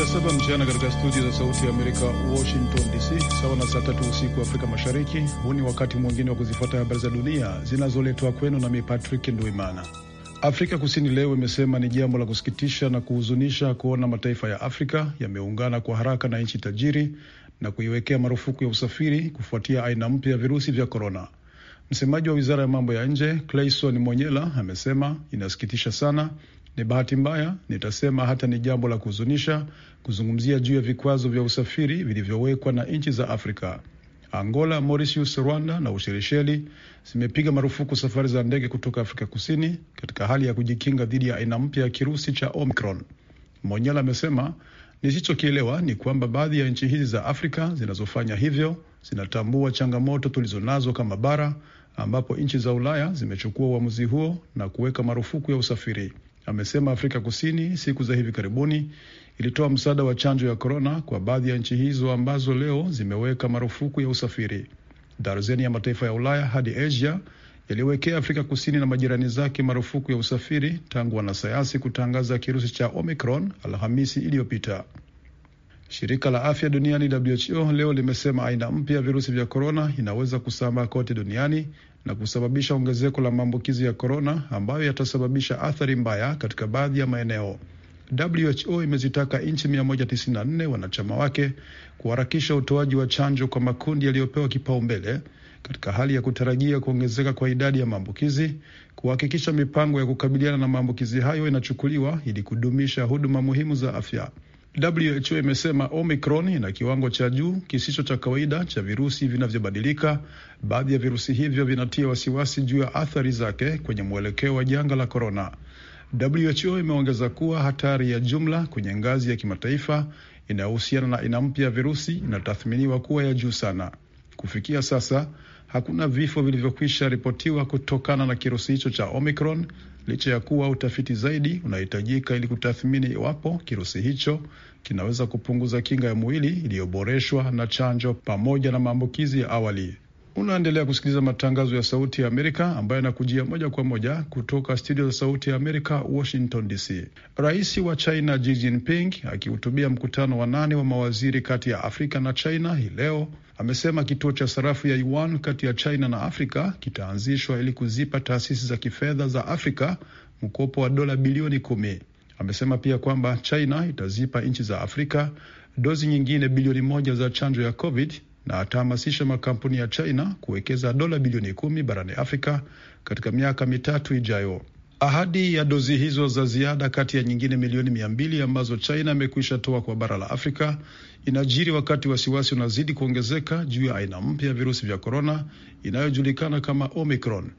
saa saba mchana katika studio za Sauti ya Amerika, Washington DC, sawa na saa tatu usiku wa Afrika Mashariki. Huu ni wakati mwingine wa kuzifuata habari za dunia zinazoletwa kwenu nami Patrick Nduimana. Afrika Kusini leo imesema ni jambo la kusikitisha na kuhuzunisha kuona mataifa ya Afrika yameungana kwa haraka na nchi tajiri na kuiwekea marufuku ya usafiri kufuatia aina mpya ya virusi vya korona. Msemaji wa wizara ya mambo ya nje Clayson Monyela amesema inasikitisha sana ni bahati mbaya, nitasema hata ni jambo la kuhuzunisha kuzungumzia juu ya vikwazo vya usafiri vilivyowekwa na nchi za Afrika. Angola, Mauritius, Rwanda na Ushelisheli zimepiga marufuku safari za ndege kutoka Afrika Kusini katika hali ya kujikinga dhidi ya aina mpya ya kirusi cha Omicron. monyela amesema nisichokielewa ni kwamba baadhi ya nchi hizi za Afrika zinazofanya hivyo zinatambua changamoto tulizonazo kama bara, ambapo nchi za Ulaya zimechukua uamuzi huo na kuweka marufuku ya usafiri. Amesema Afrika Kusini siku za hivi karibuni ilitoa msaada wa chanjo ya korona kwa baadhi ya nchi hizo ambazo leo zimeweka marufuku ya usafiri. Darzeni ya mataifa ya Ulaya hadi Asia yaliwekea Afrika Kusini na majirani zake marufuku ya usafiri tangu wanasayansi kutangaza kirusi cha Omicron Alhamisi iliyopita. Shirika la afya duniani WHO leo limesema aina mpya ya virusi vya korona inaweza kusambaa kote duniani na kusababisha ongezeko la maambukizi ya korona ambayo yatasababisha athari mbaya katika baadhi ya maeneo. WHO imezitaka nchi 194 wanachama wake kuharakisha utoaji wa chanjo kwa makundi yaliyopewa kipaumbele katika hali ya kutarajia kuongezeka kwa idadi ya maambukizi, kuhakikisha mipango ya kukabiliana na maambukizi hayo inachukuliwa ili kudumisha huduma muhimu za afya. WHO imesema Omicron ina kiwango cha juu kisicho cha kawaida cha virusi vinavyobadilika. Baadhi ya virusi hivyo vinatia wasiwasi juu ya athari zake kwenye mwelekeo wa janga la korona. WHO imeongeza kuwa hatari ya jumla kwenye ngazi ya kimataifa inayohusiana na aina mpya ya virusi inatathminiwa kuwa ya juu sana. Kufikia sasa hakuna vifo vilivyokwisha ripotiwa kutokana na kirusi hicho cha Omicron, licha ya kuwa utafiti zaidi unahitajika ili kutathmini iwapo kirusi hicho kinaweza kupunguza kinga ya mwili iliyoboreshwa na chanjo pamoja na maambukizi ya awali. Unaendelea kusikiliza matangazo ya Sauti ya Amerika ambayo yanakujia moja kwa moja kutoka studio za Sauti ya Amerika, Washington DC. Rais wa China Xi Jinping akihutubia mkutano wa nane wa mawaziri kati ya Afrika na China hii leo amesema kituo cha sarafu ya yuan kati ya China na Afrika kitaanzishwa ili kuzipa taasisi za kifedha za Afrika mkopo wa dola bilioni kumi. Amesema pia kwamba China itazipa nchi za Afrika dozi nyingine bilioni moja za chanjo ya COVID na atahamasisha makampuni ya China kuwekeza dola bilioni kumi barani Afrika katika miaka mitatu ijayo. Ahadi ya dozi hizo za ziada kati ya nyingine milioni mia mbili ambazo China imekwisha toa kwa bara la Afrika inajiri wakati wasiwasi unazidi kuongezeka juu ya aina mpya ya virusi vya korona inayojulikana kama Omicron.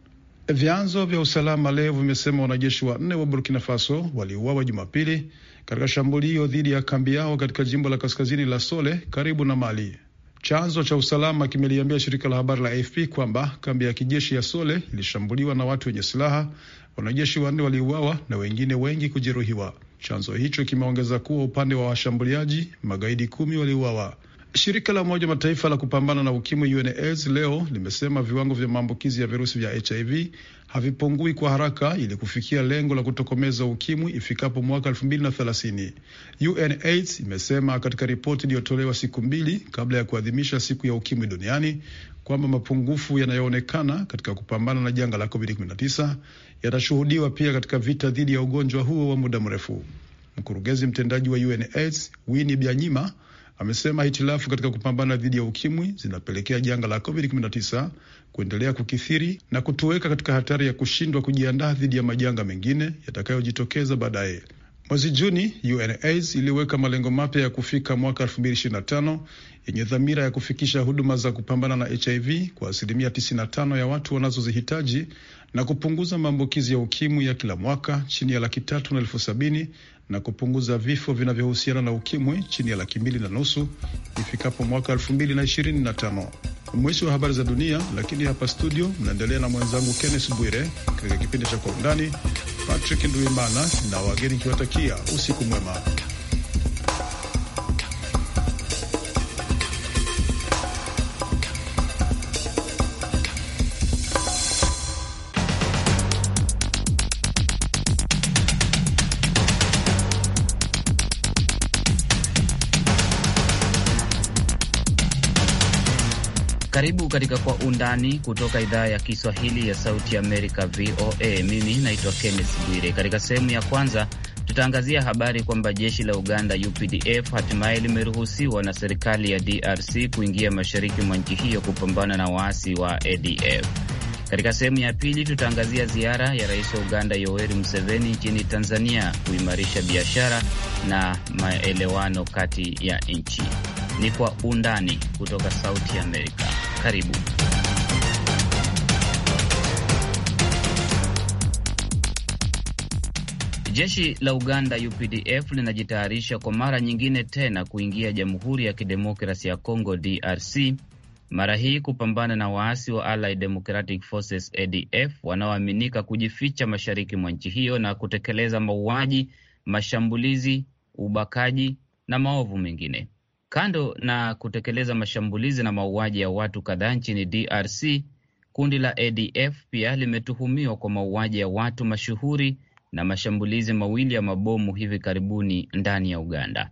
Vyanzo vya usalama leo vimesema wanajeshi wanne wa Burkina Faso waliuawa Jumapili katika shambulio dhidi ya kambi yao katika jimbo la kaskazini la Sole karibu na Mali. Chanzo cha usalama kimeliambia shirika la habari la AFP kwamba kambi ya kijeshi ya Sole ilishambuliwa na watu wenye silaha. Wanajeshi wanne waliuawa na wengine wengi kujeruhiwa. Chanzo hicho kimeongeza kuwa upande wa washambuliaji, magaidi kumi waliuawa. Shirika la Umoja Mataifa la kupambana na ukimwi UNAIDS leo limesema viwango vya maambukizi ya virusi vya HIV havipungui kwa haraka ili kufikia lengo la kutokomeza ukimwi ifikapo mwaka 2030. UNAIDS imesema katika ripoti iliyotolewa siku mbili kabla ya kuadhimisha siku ya ukimwi duniani kwamba mapungufu yanayoonekana katika kupambana na janga la COVID-19 yatashuhudiwa pia katika vita dhidi ya ugonjwa huo wa muda mrefu. Mkurugenzi mtendaji wa UNAIDS Winnie Byanyima amesema hitilafu katika kupambana dhidi ya ukimwi zinapelekea janga la COVID-19 kuendelea kukithiri na kutuweka katika hatari ya kushindwa kujiandaa dhidi ya majanga mengine yatakayojitokeza baadaye. Mwezi Juni, UNAIDS iliweka malengo mapya ya kufika mwaka 2025 yenye dhamira ya kufikisha huduma za kupambana na HIV kwa asilimia 95 ya watu wanazozihitaji na kupunguza maambukizi ya ukimwi ya kila mwaka chini ya laki tatu na elfu sabini na kupunguza vifo vinavyohusiana na ukimwi chini ya laki mbili na nusu ifikapo mwaka tano. Mwisho wa habari za dunia, lakini hapa studio mnaendelea na mwenzangu Kenneth Bwire katika kipindi cha Kwa Undani. Patrick Nduimana na wageni kiwatakia usiku mwema. katika Kwa Undani kutoka idhaa ya Kiswahili ya Sauti Amerika, VOA. Mimi naitwa Kenneth Bwire. Katika sehemu ya kwanza tutaangazia habari kwamba jeshi la Uganda, UPDF, hatimaye limeruhusiwa na serikali ya DRC kuingia mashariki mwa nchi hiyo kupambana na waasi wa ADF. Katika sehemu ya pili tutaangazia ziara ya rais wa Uganda Yoweri Museveni nchini Tanzania kuimarisha biashara na maelewano kati ya nchi. Ni kwa undani kutoka Sauti Amerika. Karibu. Jeshi la Uganda UPDF linajitayarisha kwa mara nyingine tena kuingia Jamhuri ya Kidemokrasi ya congo DRC, mara hii kupambana na waasi wa Allied Democratic Forces ADF wanaoaminika kujificha mashariki mwa nchi hiyo na kutekeleza mauaji, mashambulizi, ubakaji na maovu mengine. Kando na kutekeleza mashambulizi na mauaji ya watu kadhaa nchini DRC, kundi la ADF pia limetuhumiwa kwa mauaji ya watu mashuhuri na mashambulizi mawili ya mabomu hivi karibuni ndani ya Uganda.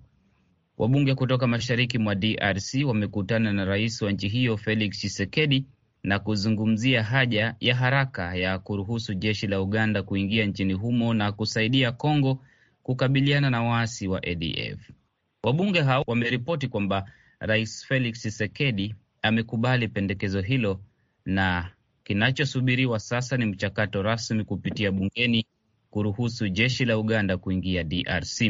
Wabunge kutoka mashariki mwa DRC wamekutana na rais wa nchi hiyo Felix Tshisekedi na kuzungumzia haja ya haraka ya kuruhusu jeshi la Uganda kuingia nchini humo na kusaidia Kongo kukabiliana na waasi wa ADF. Wabunge hao wameripoti kwamba Rais Felix Tshisekedi amekubali pendekezo hilo na kinachosubiriwa sasa ni mchakato rasmi kupitia bungeni kuruhusu jeshi la Uganda kuingia DRC.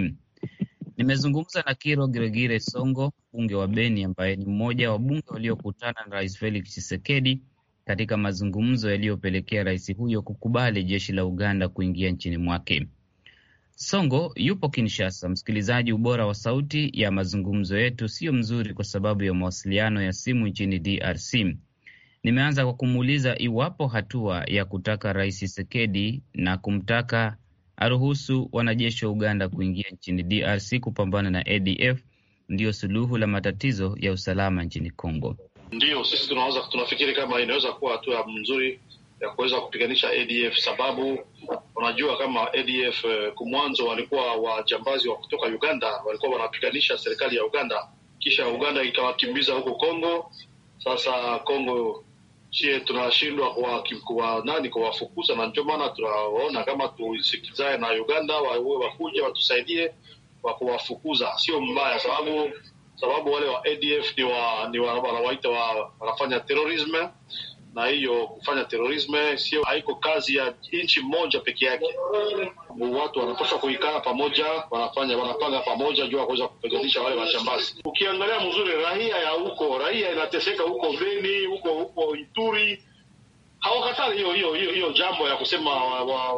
Nimezungumza na Kiro Giregire Songo, mbunge wa Beni, ambaye ni mmoja wa bunge waliokutana na Rais Felix Tshisekedi katika mazungumzo yaliyopelekea rais huyo kukubali jeshi la Uganda kuingia nchini mwake. Songo yupo Kinshasa. Msikilizaji, ubora wa sauti ya mazungumzo yetu siyo mzuri kwa sababu ya mawasiliano ya simu nchini DRC. Nimeanza kwa kumuuliza iwapo hatua ya kutaka Rais Tshisekedi na kumtaka aruhusu wanajeshi wa Uganda kuingia nchini DRC kupambana na ADF ndiyo suluhu la matatizo ya usalama nchini Congo. Ndiyo, sisi tunafikiri kama inaweza kuwa hatua mzuri ya kuweza kupiganisha ADF sababu Unajua kama ADF eh, kumwanzo walikuwa wajambazi wa kutoka Uganda, walikuwa wanapiganisha serikali ya Uganda, kisha Uganda ikawakimbiza huko Kongo. Sasa Kongo sie tunashindwa kwa nani kuwafukuza, na ndio maana tunaona kama tusikizae na Uganda wawe wakuja watusaidie wa kuwafukuza. Sio mbaya, sababu sababu wale wa ADF ni wa, ni wa, wanawaita wa, wanafanya terorism na hiyo kufanya terorisme sio, haiko kazi ya nchi moja peke yake. Watu wanapaswa kuikaa pamoja, wanafanya wanapanga pamoja juu ya kuweza kupiganisha wale majambazi. Ukiangalia mzuri, raia ya huko, raia inateseka huko Beni, huko huko Ituri hawakatali hiyo hiyo hiyo hiyo jambo ya kusema wa, wa,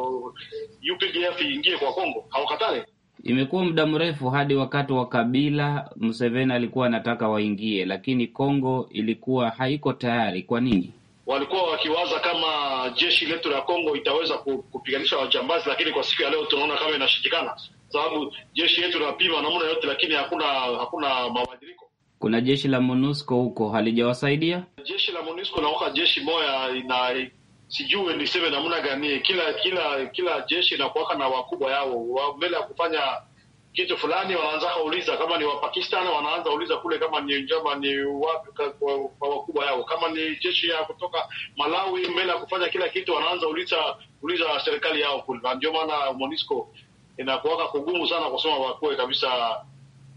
UPDF iingie kwa Kongo, hawakatali. Imekuwa muda mrefu hadi wakati wa Kabila, Museveni alikuwa anataka waingie, lakini Kongo ilikuwa haiko tayari. Kwa nini? walikuwa wakiwaza kama jeshi letu la Kongo itaweza kupiganisha wajambazi, lakini kwa siku ya leo tunaona kama inashindikana, sababu jeshi yetu linapima namna yote, lakini hakuna hakuna mabadiliko. Kuna jeshi la MONUSCO huko halijawasaidia jeshi la MONUSCO naoka jeshi moya ina sijue niseme namna gani, kila kila kila jeshi inakuwaka na wakubwa yao mbele ya kufanya kitu fulani, wanaanza kuuliza kama ni Wapakistan, wanaanza kuuliza kule kama ni njama ni wapi kwa wakubwa yao, kama ni jeshi ya kutoka Malawi mbele ya kufanya kila kitu, wanaanza uliza uliza serikali yao kule, na ndio maana MONUSCO inakuwaka kugumu sana kusema wakuwe kabisa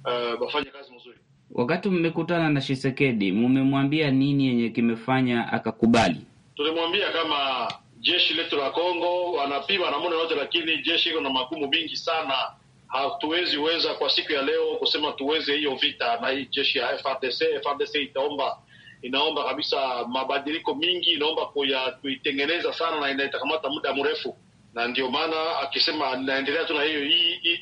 eh, wafanye uh, kazi mzuri. Wakati mmekutana na Shisekedi, mmemwambia nini yenye kimefanya akakubali? Tulimwambia kama jeshi letu la Kongo wanapima na namna yote, lakini jeshi iko na magumu mingi sana hatuwezi weza kwa siku ya leo kusema tuweze hiyo vita na hii jeshi ya FRDC. FRDC itaomba inaomba kabisa mabadiliko mingi, inaomba kuitengeneza sana na inaitakamata muda mrefu, na ndio maana akisema naendelea tu na hiyo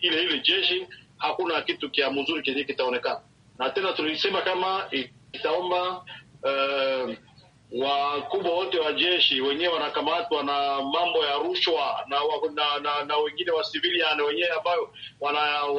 ile ile jeshi, hakuna kitu kia mzuri kenye kitaonekana. Na tena tulisema kama itaomba uh, wakubwa wote wa jeshi wenyewe wanakamatwa na mambo ya rushwa na, na, na, na wengine wa civilian wenyewe ambayo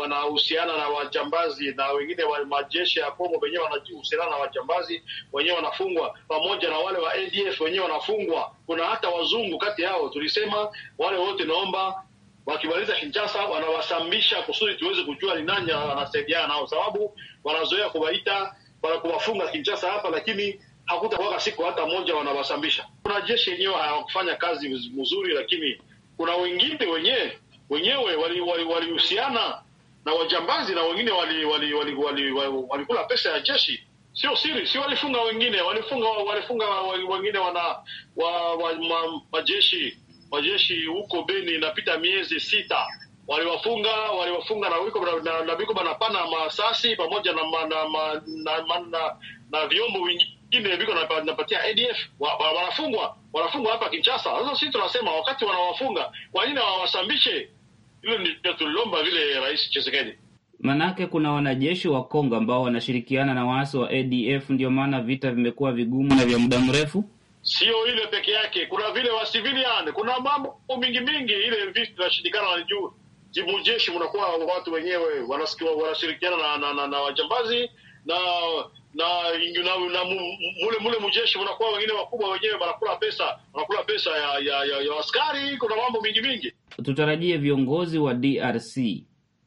wanahusiana wana na wajambazi na wengine wa majeshi ya Kongo wenyewe wanahusiana na wajambazi wenyewe wanafungwa, pamoja na wale wa ADF wenyewe wanafungwa. Kuna hata wazungu kati yao. Tulisema wale wote, naomba wakimaliza Kinshasa wanawasambisha kusudi tuweze kujua ni nani anasaidiana nao, sababu wanazoea kuwaita kuwafunga Kinshasa hapa, lakini hakutakuwaka siku hata moja wanawasambisha. Kuna jeshi yenyewe hawakufanya kazi mzuri, lakini kuna wengine wenyewe wenyewe walihusiana wali, wali na wajambazi na wengine walikula wali, wali, wali, wali, wali pesa ya jeshi. Sio siri, si walifunga wengine, walifunga walifunga wengine wana wa, wa, ma, majeshi majeshi huko Beni, inapita miezi sita waliwafunga waliwafunga na wiko na, na, na, na, na, na, na, na masasi pamoja na, na, na, na, na, na, na vyombo vingine jimbe ya viko napatia ADF wanafungwa wanafungwa hapa Kinshasa. Sasa sisi tunasema wakati wanawafunga, kwa nini hawawasambishe? Hilo ndio tulilomba vile Rais Tshisekedi. Manake kuna wanajeshi wa Kongo ambao wanashirikiana na waasi wa ADF, ndio maana vita vimekuwa vigumu na vya muda mrefu. Sio ile peke yake, kuna vile wa civilian, kuna mambo mingi mingi, ile vitu vinashindikana wanijuu jibu jeshi, unakuwa watu wenyewe wanashirikiana na, na, na, na wajambazi na na na mule mule mujeshi unakuwa wengine wakubwa wenyewe wanakula pesa wanakula pesa ya ya, ya, ya askari. Kuna mambo mingi mingi. Tutarajie viongozi wa DRC,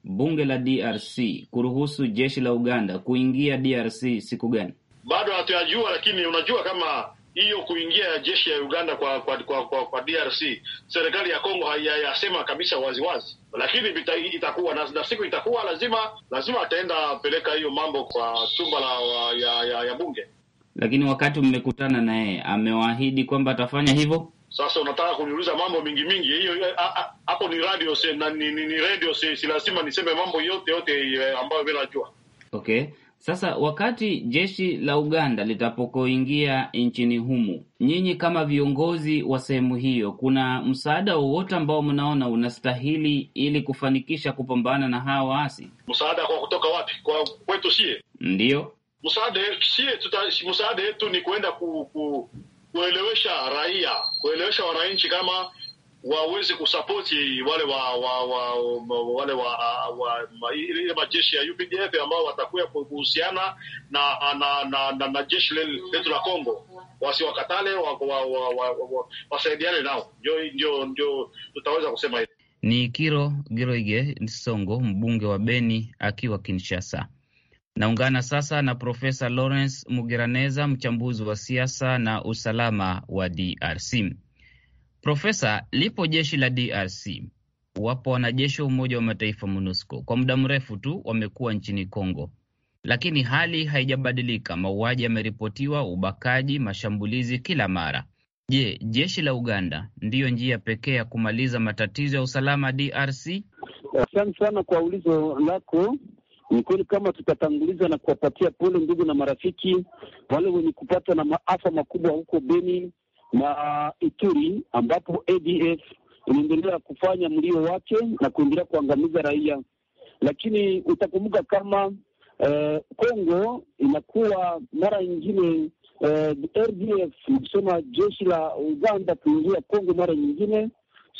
bunge la DRC kuruhusu jeshi la Uganda kuingia DRC siku gani? Bado hatuyajua, lakini unajua kama hiyo kuingia jeshi ya Uganda kwa kwa, kwa, kwa, kwa DRC, serikali ya Kongo hayasema kabisa waziwazi, lakini bita, itakuwa na, na siku itakuwa lazima lazima ataenda peleka hiyo mambo kwa chumba la ya, ya, ya bunge. Lakini wakati mmekutana naye amewaahidi kwamba atafanya hivyo. Sasa unataka kuniuliza mambo mingi mingi, hiyo eh, ah, ah, hapo ni radio se, na, ni, ni, ni radio se, si lazima niseme mambo yote yote eh, ambayo mimi najua. Okay. Sasa wakati jeshi la Uganda litapokoingia nchini humu, nyinyi kama viongozi wa sehemu hiyo, kuna msaada wowote ambao mnaona unastahili ili kufanikisha kupambana na hawa waasi? Msaada kwa kutoka wapi? Kwa kwetu sie? ndio msaada sie tuta, msaada yetu ni kuenda ku, ku, kuelewesha raia, kuelewesha wananchi kama waweze kusapoti wale wa, wa, wa, wale wa, wa, ile majeshi ya UPDF ambao watakuwa kuhusiana na, na, na, na, na jeshi letu la Kongo, wasiwakatale wa, wa, wa, wa, wa, wasaidiane nao, ndio ndio ndio tutaweza kusema hivi. Ni Kiro Giroige Nsongo, mbunge wa Beni akiwa Kinshasa. Naungana sasa na Profesa Lawrence Mugiraneza, mchambuzi wa siasa na usalama wa DRC. Profesa, lipo jeshi la DRC, wapo wanajeshi wa Umoja wa Mataifa MONUSCO kwa muda mrefu tu wamekuwa nchini Kongo, lakini hali haijabadilika. Mauaji yameripotiwa, ubakaji, mashambulizi kila mara. Je, jeshi la Uganda ndiyo njia pekee ya kumaliza matatizo ya usalama DRC? Asante sana kwa ulizo lako. Ni kweli kama tutatanguliza na kuwapatia pole ndugu na marafiki wale wenye kupata na maafa makubwa huko Beni na Ituri ambapo ADF inaendelea kufanya mlio wake na kuendelea kuangamiza raia. Lakini utakumbuka kama eh, Kongo uh, inakuwa mara nyingine uh, eh, RDF nikusema jeshi la Uganda kuingia Kongo mara nyingine,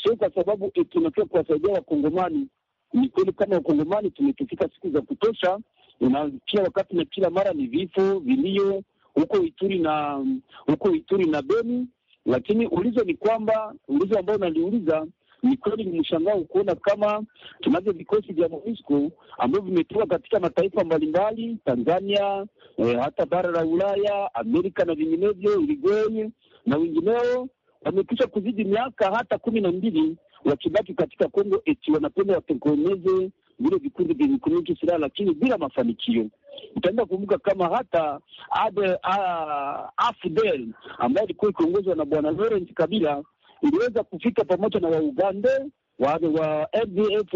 sio kwa sababu tunatakiwa kuwasaidia Wakongomani. Ni kweli kama Wakongomani tumetufika siku za kutosha, inafikia wakati na kila mara ni vifo, vilio huko Ituri na huko Ituri na Beni lakini ulizo ni kwamba ulizo ambao unaliuliza ni kweli, ni mshangao kuona kama tunavyo vikosi vya MONUSCO ambavyo vimetoka katika mataifa mbalimbali, Tanzania e, hata bara la Ulaya, Amerika na vinginevyo, Uruguay na wengineo, wamekwisha kuzidi miaka hata kumi na mbili wakibaki katika Kongo, eti wanapenda watengeneze vile vikundi vyenye vikundi silaha, lakini bila mafanikio. Utaenda kumbuka kama hata AFDL ambayo ilikuwa ikiongozwa na bwana Laurent Kabila iliweza kufika pamoja na Waugande wa, wa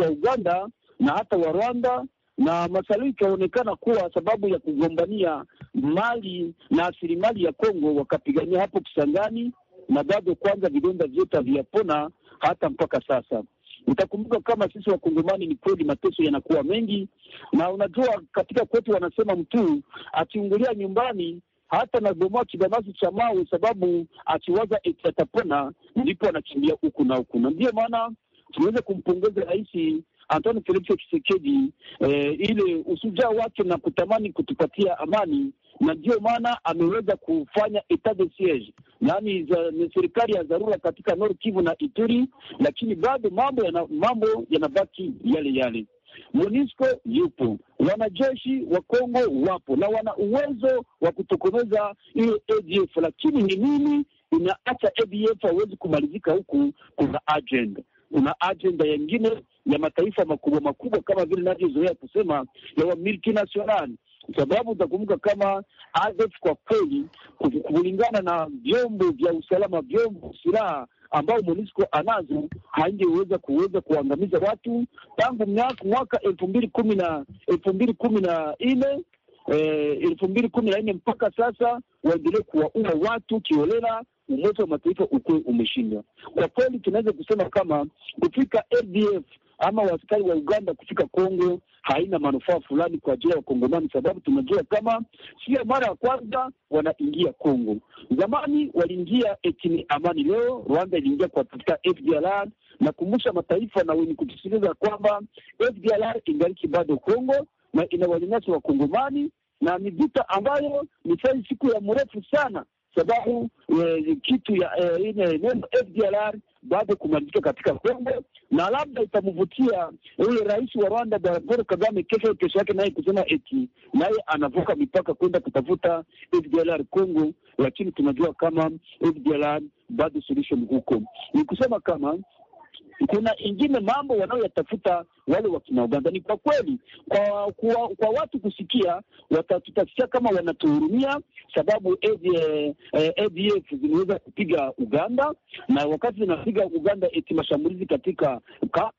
wa Uganda na hata wa Rwanda na masalui ikaonekana kuwa sababu ya kugombania mali na asilimali ya Kongo, wakapigania hapo Kisangani na bado kwanza vidonda vyote haviyapona hata mpaka sasa. Utakumbuka kama sisi Wakongomani, ni kweli mateso yanakuwa mengi, na unajua katika kwetu wanasema mtu akiungulia nyumbani hata nabomoa kibambazi cha mawe, sababu akiwaza eti atapona, ndipo anakimbia huku na huku, na ndiyo maana tuweze kumpongeza Rais Antoni Felix Chisekedi eh, ile usujaa wake na kutamani kutupatia amani na ndiyo maana ameweza kufanya etat de siege, yaani ni serikali ya dharura katika Nord Kivu na Ituri, lakini bado mambo yana, mambo yanabaki yale yale. MONUSCO yupo, wanajeshi wa Kongo wapo na wana uwezo wa kutokomeza hiyo ADF, lakini ni nini inaacha ADF hawezi kumalizika huku? Kuna agenda, kuna agenda yengine ya mataifa makubwa makubwa kama vile navyozoea kusema ya wamiliki nasionali sababu utakumbuka kama ADF kwa kweli, kulingana na vyombo vya usalama, vyombo silaha ambao MONUSCO anazo haingeweza kuweza kuangamiza watu tangu mwaka elfu mbili kumi na elfu mbili kumi na nne eh, elfu mbili kumi na nne mpaka sasa waendelee kuwaua watu kiolela. Umoja wa Mataifa ukuwe umeshindwa kwa kweli. Tunaweza kusema kama kufika ADF ama waskari wa Uganda kufika Kongo haina manufaa fulani kwa ajili ya Wakongomani, sababu tunajua kama sio mara ya kwanza wanaingia Kongo. Zamani waliingia etini amani, leo Rwanda iliingia kuwatafuta tafuta FDLR. Nakumbusha mataifa na wenye kutusikiliza kwamba FDLR ingaliki bado Kongo na ina inawanyanyasa Wakongomani, na ni vita ambayo ni sai siku ya mrefu sana, sababu e, kitu ya e, neno FDLR bado kumalizika katika Kongo, na labda itamvutia yule rais wa Rwanda bwana Paul Kagame kesho kesho yake naye kusema eti naye anavuka mipaka kwenda kutafuta FDLR Kongo, lakini tunajua kama FDLR bado solution huko ni kusema kama kuna ingine mambo wanaoyatafuta wale wakina Uganda. Ni kwa kweli kwa, kwa, kwa watu kusikia watatutasikia kama wanatuhurumia, sababu ADF eh, zimeweza kupiga Uganda, na wakati zinapiga Uganda eti mashambulizi katika ka,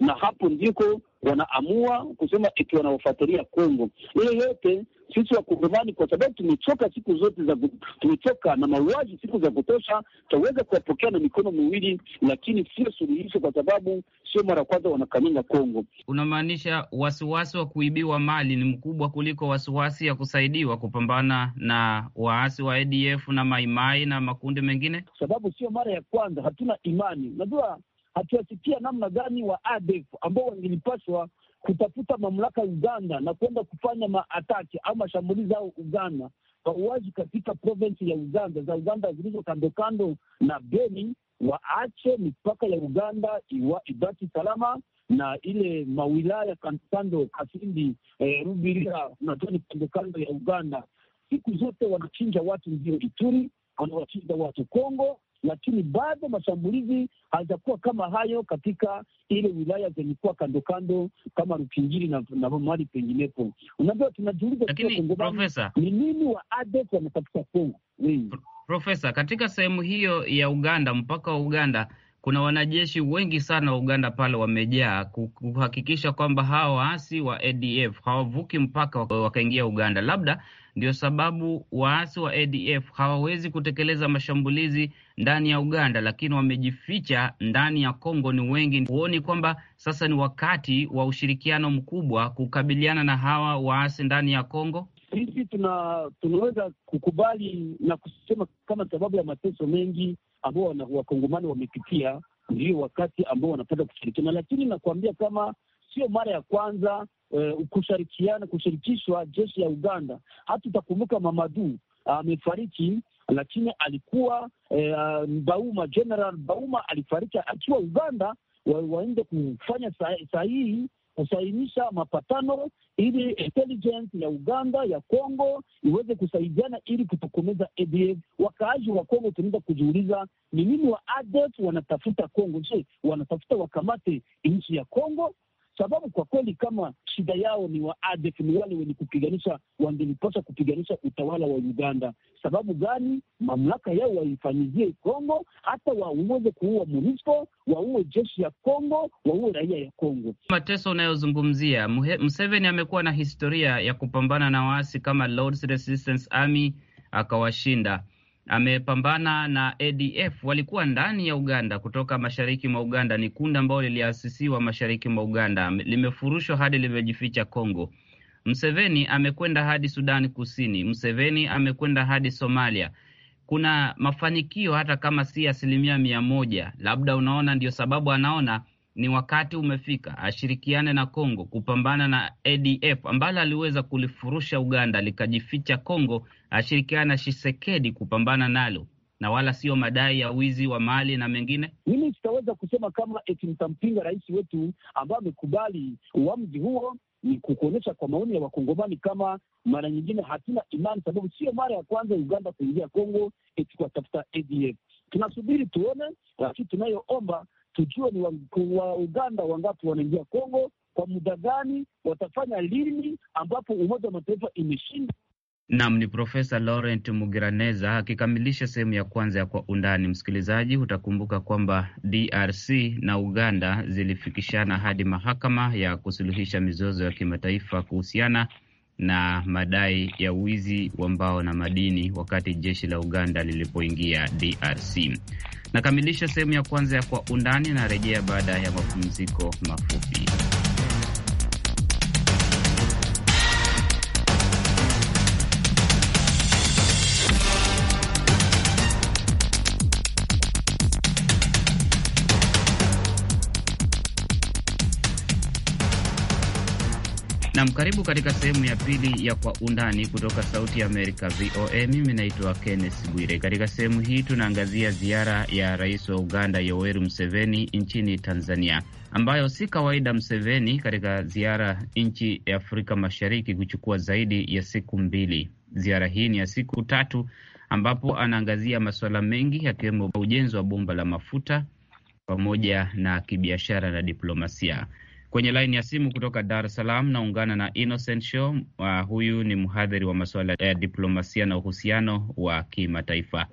na hapo ndiko wanaamua kusema eti wanawafuatilia Kongo. Hiyo yote sisi wakongomani, kwa sababu tumechoka siku zote za tumechoka na mauaji siku za kutosha, tutaweza kuwapokea na mikono miwili, lakini sio suluhisho, kwa sababu sio mara kwanza wanakanyanga Kongo. Unamaanisha wasiwasi wa kuibiwa mali ni mkubwa kuliko wasiwasi ya kusaidiwa kupambana na waasi wa ADF na maimai na makundi mengine, kwa sababu sio mara ya kwanza. Hatuna imani, unajua hatuyasikia namna gani wa ADF ambao wangelipaswa kutafuta mamlaka Uganda na kwenda kufanya maataki au mashambulizi au Uganda wauaji katika provensi ya Uganda za Uganda zilizo kando kando na Beni, waache mipaka ya Uganda iwa ibaki salama na ile mawilaya kando Kasindi, eh, Rubiria natoni kandokando ya Uganda. Siku zote wanachinja watu ndio Ituri, wanawachinja watu Kongo lakini bado mashambulizi hayajakuwa kama hayo katika ile wilaya zilikuwa kando kando kama Rukinjiri na, na mahali penginepo. Unajua, tunajiuliza ni nini wa ADF wanatafuta Kongo. Profesa, katika sehemu hiyo ya Uganda, mpaka wa Uganda kuna wanajeshi wengi sana wa Uganda pale wamejaa kuhakikisha kwamba hawa waasi wa ADF hawavuki mpaka wakaingia Uganda. Labda ndio sababu waasi wa ADF hawawezi kutekeleza mashambulizi ndani ya Uganda, lakini wamejificha ndani ya Kongo ni wengi. Huoni kwamba sasa ni wakati wa ushirikiano mkubwa kukabiliana na hawa waasi ndani ya Kongo? Sisi tuna tunaweza kukubali na kusema kama sababu ya mateso mengi ambao wakongomani wamepitia, ndio wakati ambao wanapata kushirikiana, lakini nakuambia kama sio mara ya kwanza eh, kushirikiana kushirikishwa jeshi ya Uganda. Hata utakumbuka Mamadu ah, amefariki, lakini alikuwa eh, Bauma, General Bauma alifariki akiwa Uganda, waende kufanya sahihi kusainisha mapatano ili intelligence ya Uganda ya Kongo iweze kusaidiana ili kutokomeza ADF. Wakaaji wa Kongo tunaweza kujiuliza ni nini wa ADF wanatafuta Kongo? Je, wanatafuta wakamate nchi ya Kongo sababu kwa kweli kama shida yao ni wa ADF ni wale wenye kupiganisha, wangelipaswa kupiganisha utawala wa Uganda. Sababu gani? Mamlaka yao waifanyizie Kongo, hata waweze kuua MONUSCO, waue jeshi ya Kongo, waue raia ya Kongo. Mateso unayozungumzia, Museveni amekuwa na historia ya kupambana na waasi kama Lord's Resistance Army akawashinda amepambana na ADF walikuwa ndani ya Uganda, kutoka mashariki mwa Uganda. Ni kundi ambalo liliasisiwa mashariki mwa Uganda, limefurushwa hadi limejificha Kongo. Mseveni amekwenda hadi Sudani Kusini, Mseveni amekwenda hadi Somalia. Kuna mafanikio hata kama si asilimia mia moja, labda unaona, ndio sababu anaona ni wakati umefika ashirikiane na Kongo kupambana na ADF ambalo aliweza kulifurusha Uganda likajificha Kongo, ashirikiane na Shisekedi kupambana nalo na wala sio madai ya wizi wa mali na mengine. Mimi sitaweza kusema kama eti nitampinga rais wetu ambaye amekubali uamuzi huo. Ni kukuonyesha kwa maoni ya Wakongomani kama mara nyingine hatuna imani, sababu sio mara ya kwanza Uganda kuingia Kongo eti tafuta ADF. Tunasubiri tuone, lakini tunayoomba tujue ni wa, Uganda wangapi wanaingia Kongo kwa muda gani, watafanya lini, ambapo Umoja wa Mataifa imeshinda. Nam ni Profesa Laurent Mugiraneza akikamilisha sehemu ya kwanza ya Kwa Undani. Msikilizaji, utakumbuka kwamba DRC na Uganda zilifikishana hadi mahakama ya kusuluhisha mizozo ya kimataifa kuhusiana na madai ya wizi wa mbao na madini wakati jeshi la Uganda lilipoingia DRC. Nakamilisha sehemu ya kwanza ya Kwa Undani, narejea baada ya mapumziko mafupi. Nam, karibu katika sehemu ya pili ya Kwa Undani kutoka Sauti ya Amerika, VOA. Mimi naitwa Kenneth Bwire. Katika sehemu hii tunaangazia ziara ya rais wa Uganda Yoweri Museveni nchini Tanzania, ambayo si kawaida Museveni katika ziara nchi ya Afrika Mashariki kuchukua zaidi ya siku mbili. Ziara hii ni ya siku tatu, ambapo anaangazia masuala mengi yakiwemo ujenzi wa bomba la mafuta pamoja na kibiashara na diplomasia. Kwenye laini ya simu kutoka Dar es Salaam naungana na Innocent Show. Uh, huyu ni mhadhiri wa masuala ya diplomasia na uhusiano wa kimataifa.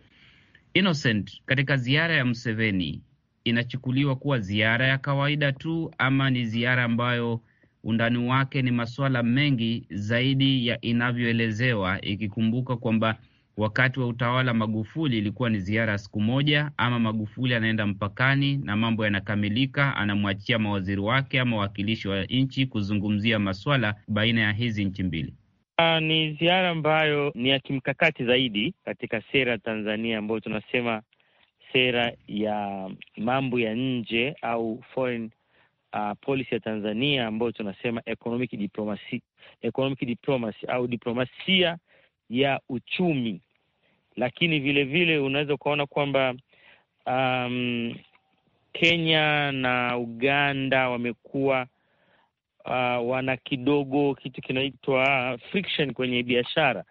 Innocent, katika ziara ya Museveni inachukuliwa kuwa ziara ya kawaida tu ama ni ziara ambayo undani wake ni masuala mengi zaidi ya inavyoelezewa, ikikumbuka kwamba Wakati wa utawala Magufuli ilikuwa ni ziara ya siku moja, ama Magufuli anaenda mpakani na mambo yanakamilika, anamwachia mawaziri wake ama wawakilishi wa nchi kuzungumzia maswala baina ya hizi nchi mbili. Uh, ni ziara ambayo ni ya kimkakati zaidi katika sera ya Tanzania ambayo tunasema sera ya mambo ya nje au foreign uh, policy ya Tanzania ambayo tunasema economic diplomacy, economic diplomacy au diplomasia ya uchumi lakini vilevile unaweza ukaona kwamba um, Kenya na Uganda wamekuwa uh, wana kidogo kitu kinaitwa friction kwenye biashara.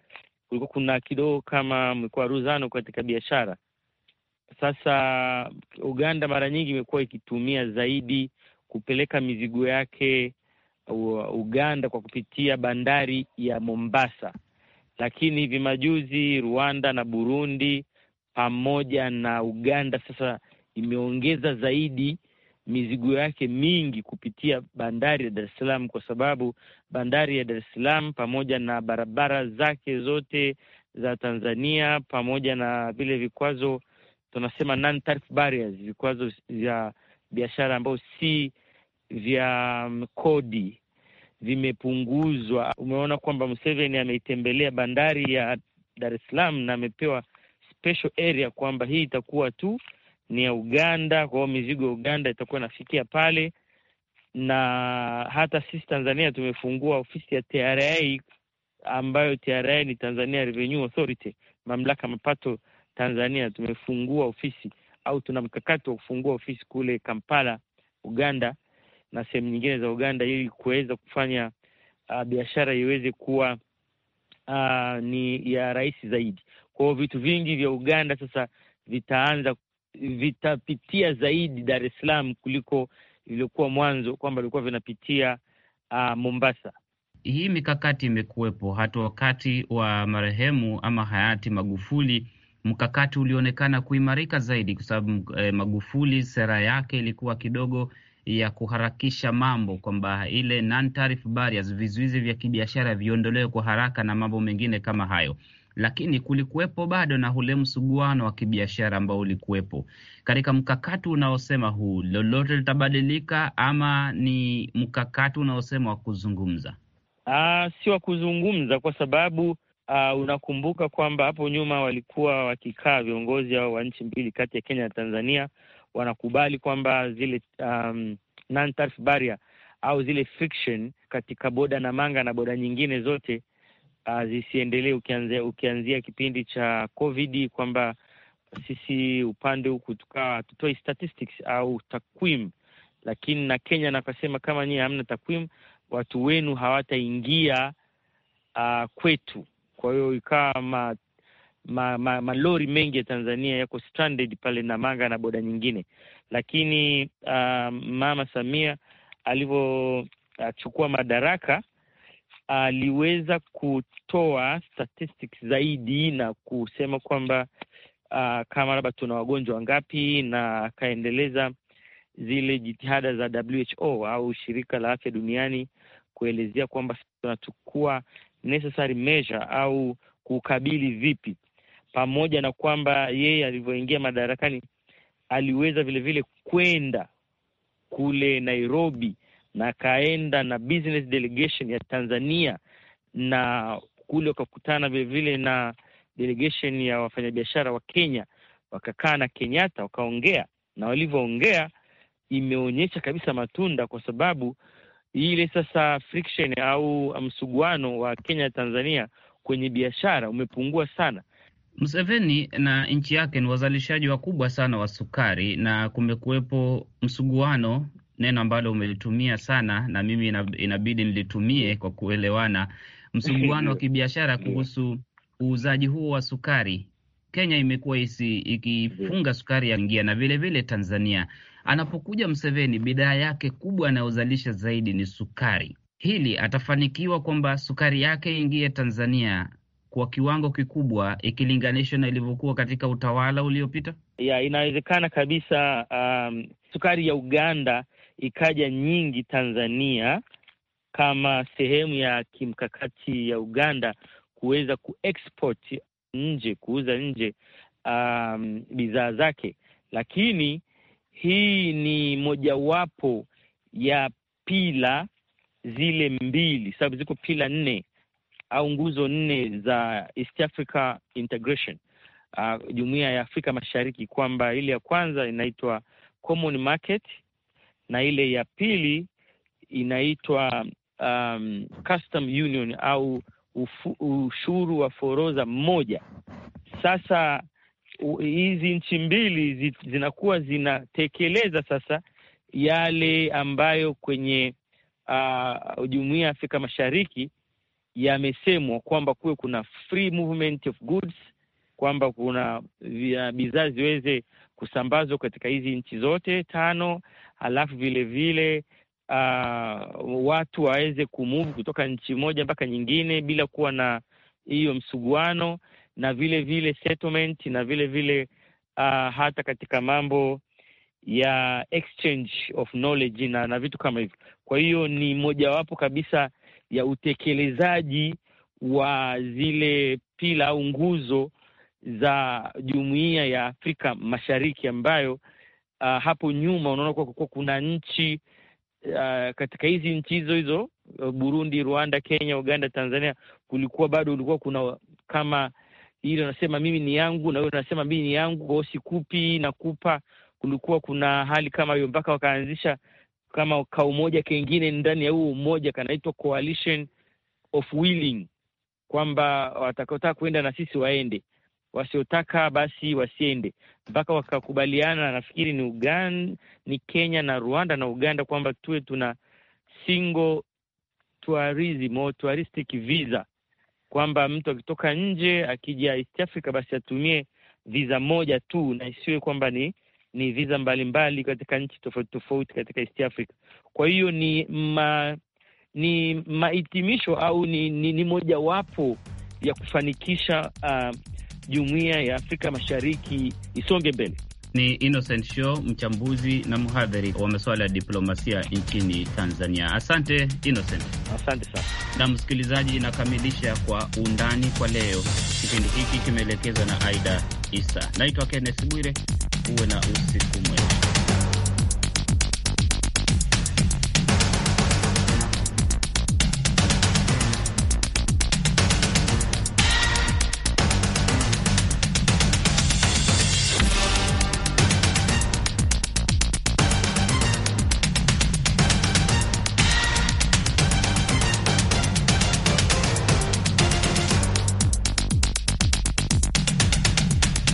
Kulikuwa kuna kidogo kama mikwaruzano katika biashara. Sasa Uganda mara nyingi imekuwa ikitumia zaidi kupeleka mizigo yake uh, Uganda kwa kupitia bandari ya Mombasa lakini hivi majuzi Rwanda na Burundi pamoja na Uganda sasa imeongeza zaidi mizigo yake mingi kupitia bandari ya Dar es Salaam, kwa sababu bandari ya Dar es Salaam pamoja na barabara zake zote za Tanzania pamoja na vile vikwazo tunasema non tariff barriers, vikwazo vya biashara ambayo si vya kodi vimepunguzwa. Umeona kwamba Museveni ameitembelea bandari ya Dar es Salaam na amepewa special area kwamba hii itakuwa tu ni ya Uganda, kwa hiyo mizigo ya Uganda itakuwa inafikia pale, na hata sisi Tanzania tumefungua ofisi ya TRA ambayo TRA ni Tanzania Revenue Authority, mamlaka mapato Tanzania. Tumefungua ofisi au tuna mkakati wa kufungua ofisi kule Kampala, Uganda, na sehemu nyingine za Uganda ili kuweza kufanya uh, biashara iweze kuwa uh, ni ya rahisi zaidi. Kwa hiyo vitu vingi vya Uganda sasa vitaanza vitapitia zaidi Dar es Salaam kuliko vilivyokuwa mwanzo kwamba ilikuwa vinapitia uh, Mombasa. Hii mikakati imekuwepo hata wakati wa marehemu ama hayati Magufuli. Mkakati ulionekana kuimarika zaidi kwa sababu eh, Magufuli sera yake ilikuwa kidogo ya kuharakisha mambo kwamba ile non tariff barriers, vizuizi vya kibiashara viondolewe kwa haraka na mambo mengine kama hayo, lakini kulikuwepo bado na ule msuguano wa kibiashara ambao ulikuwepo katika mkakati unaosema huu lolote litabadilika, ama ni mkakati unaosema wa kuzungumza? Uh, si wa kuzungumza kwa sababu uh, unakumbuka kwamba hapo nyuma walikuwa wakikaa viongozi hao wa nchi mbili kati ya Kenya na Tanzania wanakubali kwamba zile um, non-tariff barrier au zile friction katika boda na manga na boda nyingine zote uh, zisiendelee. Ukianzia, ukianzia kipindi cha COVID kwamba sisi upande huku tukawa hatutoi statistics au takwimu, lakini na Kenya nakasema kama nyie hamna takwimu, watu wenu hawataingia uh, kwetu. Kwa hiyo ikawa ma, ma, malori mengi ya Tanzania yako stranded pale Namanga na boda nyingine, lakini uh, Mama Samia alivyochukua ah, uh, madaraka aliweza uh, kutoa statistics zaidi na kusema kwamba uh, kama labda tuna wagonjwa wangapi, na akaendeleza zile jitihada za WHO au shirika la afya duniani kuelezea kwamba tunachukua necessary measure au kukabili vipi pamoja na kwamba yeye alivyoingia madarakani aliweza vilevile kwenda kule Nairobi na akaenda na business delegation ya Tanzania na kule wakakutana vilevile na delegation ya wafanyabiashara wa Kenya, wakakaa na Kenyatta wakaongea, na walivyoongea imeonyesha kabisa matunda, kwa sababu ile sasa friction au msuguano wa Kenya Tanzania kwenye biashara umepungua sana, Museveni na nchi yake ni wazalishaji wakubwa sana wa sukari, na kumekuwepo msuguano, neno ambalo umelitumia sana na mimi inabidi nilitumie kwa kuelewana, msuguano wa kibiashara kuhusu uuzaji huo wa sukari. Kenya imekuwa ikifunga sukari ya ingia na vilevile vile Tanzania. Anapokuja Museveni, bidhaa yake kubwa anayozalisha zaidi ni sukari. Hili atafanikiwa kwamba sukari yake ingie Tanzania kwa kiwango kikubwa ikilinganishwa na ilivyokuwa katika utawala uliopita? Yeah, inawezekana kabisa. Um, sukari ya Uganda ikaja nyingi Tanzania kama sehemu ya kimkakati ya Uganda kuweza kuexport nje, kuuza nje um, bidhaa zake, lakini hii ni mojawapo ya pila zile mbili, sababu ziko pila nne au nguzo nne za East Africa Integration, uh, jumuiya ya Afrika Mashariki, kwamba ile ya kwanza inaitwa Common Market na ile ya pili inaitwa um, Custom Union au ufu, ushuru wa forodha mmoja. Sasa hizi nchi mbili zinakuwa zinatekeleza sasa yale ambayo kwenye uh, jumuiya ya Afrika Mashariki yamesemwa kwamba kuwe kuna free movement of goods, kwamba kuna bidhaa ziweze kusambazwa katika hizi nchi zote tano, alafu vilevile uh, ah, watu waweze kumuvu kutoka nchi moja mpaka nyingine bila kuwa na hiyo msuguano, na vile vile settlement na vile vile uh, hata katika mambo ya exchange of knowledge na, na vitu kama hivyo. Kwa hiyo ni mojawapo kabisa ya utekelezaji wa zile pila au nguzo za jumuiya ya Afrika Mashariki ambayo uh, hapo nyuma unaona kuwa kuna nchi uh, katika hizi nchi hizo hizo Burundi, Rwanda, Kenya, Uganda, Tanzania, kulikuwa bado ulikuwa kuna kama ile unasema mimi ni yangu na wewe unasema mimi ni yangu, kwa kupi sikupi nakupa. Kulikuwa kuna hali kama hiyo mpaka wakaanzisha kama ka umoja kengine ndani ya huu umoja kanaitwa coalition of willing, kwamba watakaotaka kuenda na sisi waende, wasiotaka basi wasiende, mpaka wakakubaliana. Nafikiri ni Uganda, ni Kenya na Rwanda na Uganda kwamba tuwe tuna single tourism au touristic visa, kwamba mtu akitoka nje akija East Africa basi atumie visa moja tu na isiwe kwamba ni ni visa mbalimbali katika nchi tofauti tofauti katika East Africa. Kwa hiyo ni ma, ni mahitimisho au ni, ni, ni mojawapo ya kufanikisha uh, jumuiya ya Afrika Mashariki isonge mbele. Ni Innocent Show, mchambuzi na mhadhiri wa masuala ya diplomasia nchini Tanzania. Asante Innocent. Asante sana. Na msikilizaji, inakamilisha kwa undani kwa leo. Kipindi hiki kimeelekezwa na Aida tisa. Naitwa Kenneth Bwire, uwe na usiku mwema.